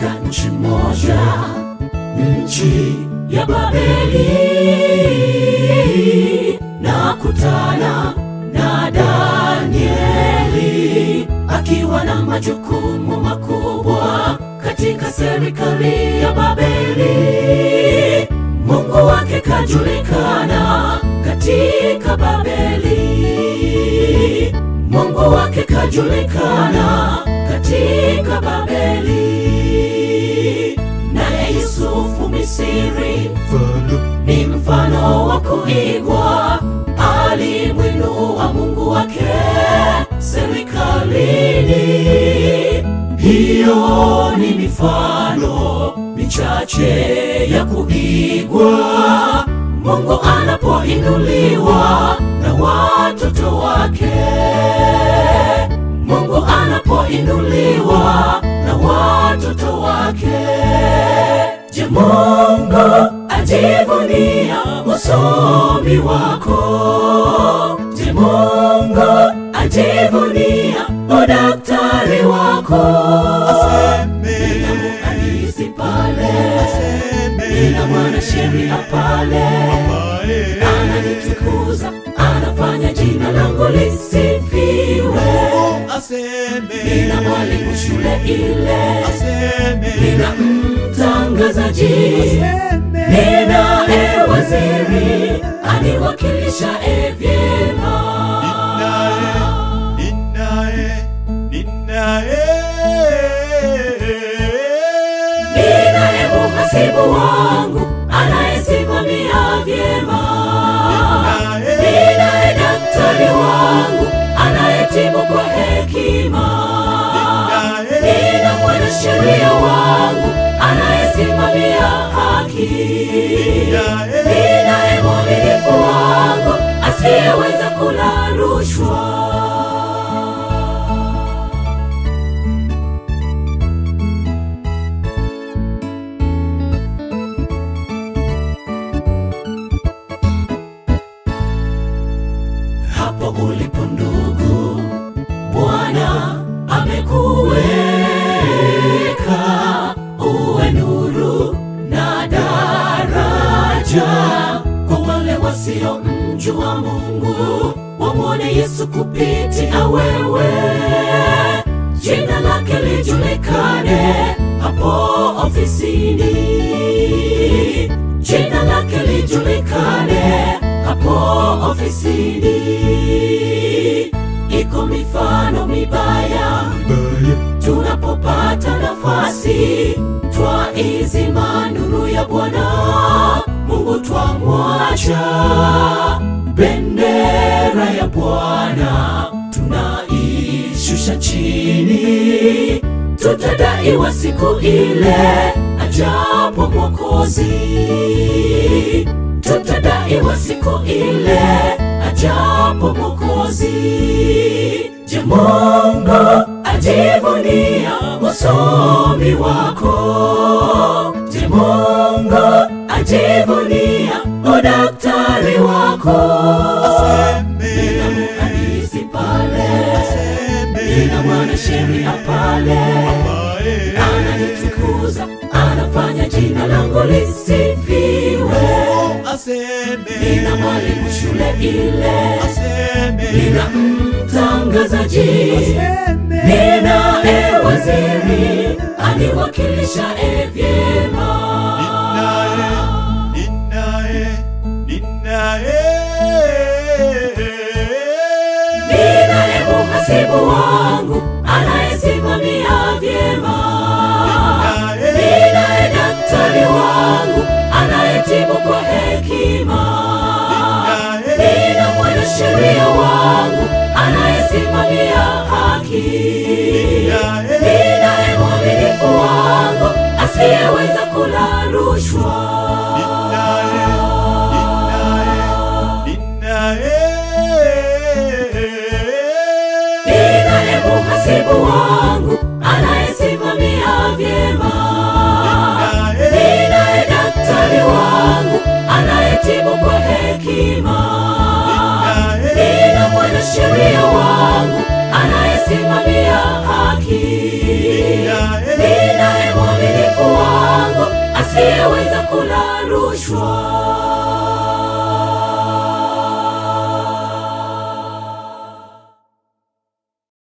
katika nchi moja, nchi ya Babeli. na kutana na Danieli akiwa na majukumu makubwa katika serikali ya Babeli. Mungu wake kajulikana katika Babeli. Mungu wake kajulikana katika Babeli. dhahiri, ni mfano wa kuigwa, alimwinua Mungu wake serikalini. Hiyo ni mifano michache ya kuigwa Mungu anapoinuliwa na watoto wake, Mungu anapoinuliwa na watoto wake. Je, Mungu ajivunia usomi wako? Je, Mungu ajivunia udaktari wako? Aseme anisi pale, nina mwanasheria pale, ananitukuza anafanya jina langu lisifiwe nina mwalimu shule ile nina mm, mtangazaji, nena e waziri, aniwakilisha evye Eh. ninaye mwaminifu wangu asiyeweza kula rushwa. wasiomjua Mungu wamwone Yesu kupitia wewe, jina lake lijulikane hapo ofisini, jina lake lijulikane hapo ofisini. Iko mifano mibaya, Tunapopata nafasi twaizima nuru ya Bwana Tunaiwasha bendera ya Bwana, tunaishusha chini, tutadaiwa siku ile ajapo Mwokozi, tutadaiwa siku ile ajapo Mwokozi. Je, Mungu ajivunia usomi wako? Je, Mungu ajivunia yako aseme pale aseme nina mwanasheria pale ananitukuza anafanya jina langu lisifiwe oh, aseme nina mwalimu shule ile ina nina mtangazaji aseme nina ewaziri aniwakilisha evyema Mungu wangu anayesimamia vyema, ninaye daktari wangu anayetibu kwa hekima, nina mwanasheria wangu anayesimamia haki, ninaye mwaminifu wangu asiyeweza kula rushwa. uhasibu wangu anayesimamia vyema ninaye daktari wangu anayetibu kwa hekima nina mwanasheria wangu anayesimamia haki ninaye mwaminifu wangu asiyeweza kula rushwa